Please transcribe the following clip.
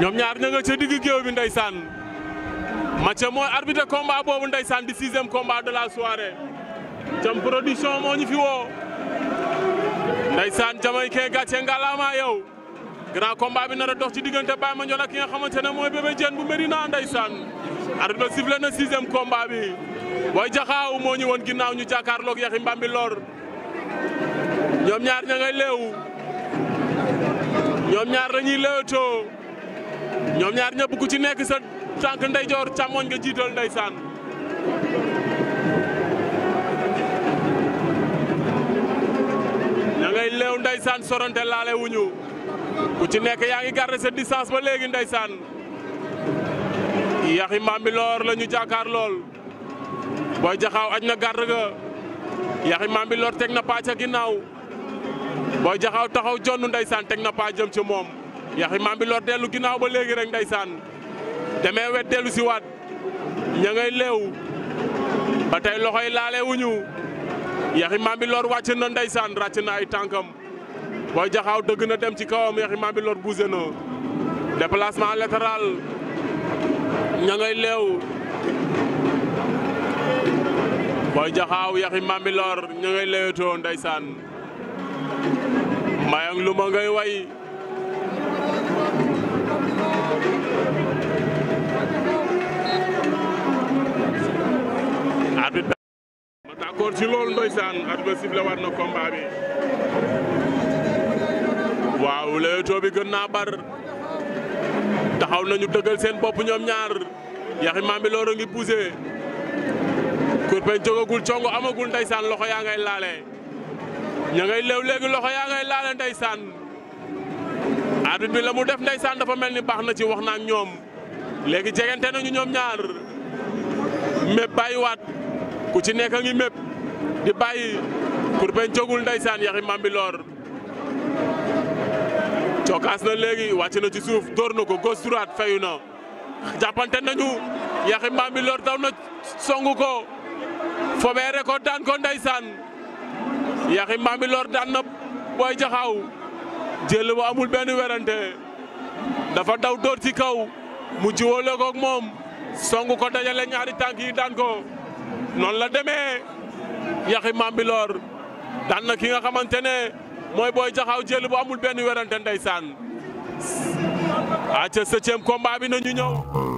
ñoom ñaar ña nga ca digg géew bi ndeysaan Mathieu mooy arbitre combat boobu ndeysaan di sixième combat de la soirée Thiam production moo ñu fi woo ndeysaan jamaïcain gàcce ngalaama yow grand combat bi nar a dox ci diggante Baye Mandione ak ki nga xamante ne mooy bébé Diène bu Medina ndeysaan arbitre ba sifflé na sixième combat bi jaxaaw moo ñu woon ginnaaw ñu jàkkaarloog Yaxi Mbambi Lor ñoom ñaar ña ngay ñoom ñaar dañuy léewtoo ñoom ñaar ñëpp ku ci nekk sa tànk ndeyjoor càmmoñ nga jiital ndeysaan ña ngay leew ndeysaan sorante laale wuñu ku ci nekk yaa ngi garder sa distance ba léegi ndeysaan yaxi Mbambilor la ñu jàkkaar lool booy jaxaaw aj na garde ga yaxi Mbambilor teg na paa ca ginnaaw booy jaxaw taxaw jonn ndeysaan teg na paa jëm ci moom yaxi Bambilor dellu ginnaaw ba léegi rek ndeysaan demee wet dellu si waat ña ngay leew ba tey loxoy laale wuñu yaxi Bambilor wàcc na ndeysaan ràcc na ay tànkam booy jaxaaw dëgg na dem ci kawam yaxi Bambilor bougé na déplacement latéral ña ngay leew booy jaxaaw yaxi Bambilor ña ngay leewtoo ndeysaan mayang lu ngay way d'accord ci loolu ndoysaan at ba na combat bi waaw Leewtoo bi gën naa bar taxaw nañu dëggal seen bopp ñoom ñaar yaxi maam bi loolu ngi poussé kurpeñ jógagul congo amagul ndeysaan loxo yaa ngay laale ña ngay leew léegi loxo yaa ngay laale ndeysaan arbitre bi la mu def saan dafa mel ni baax na ci wax na ñoom léegi jegante nañu ñoom ñaar mépp bàyyiwaat ku ci nekk ngi mépp di bàyyi pour bañ jógul ndeysaan yaxi Bambilor cokaas na léegi wàcc na ci suuf dóor na ko gauche droite fayu na jàppante nañu yaxi Bambilor daw na songu ko fobeere ko daan ko ndeysaan yaxi Bambilor daan na booy jaxaaw jël bu amul benn werante dafa daw dóor ci kaw mu jiwóole ko ak moom songu ko dajale ñaari tànk yi daan ko noonu la demee yaxi Bambilor daan na ki nga xamante ne mooy Boy Jaxaw jël bu amul benn werante ndeysaan. aca septième combat bi na ñu ñëw.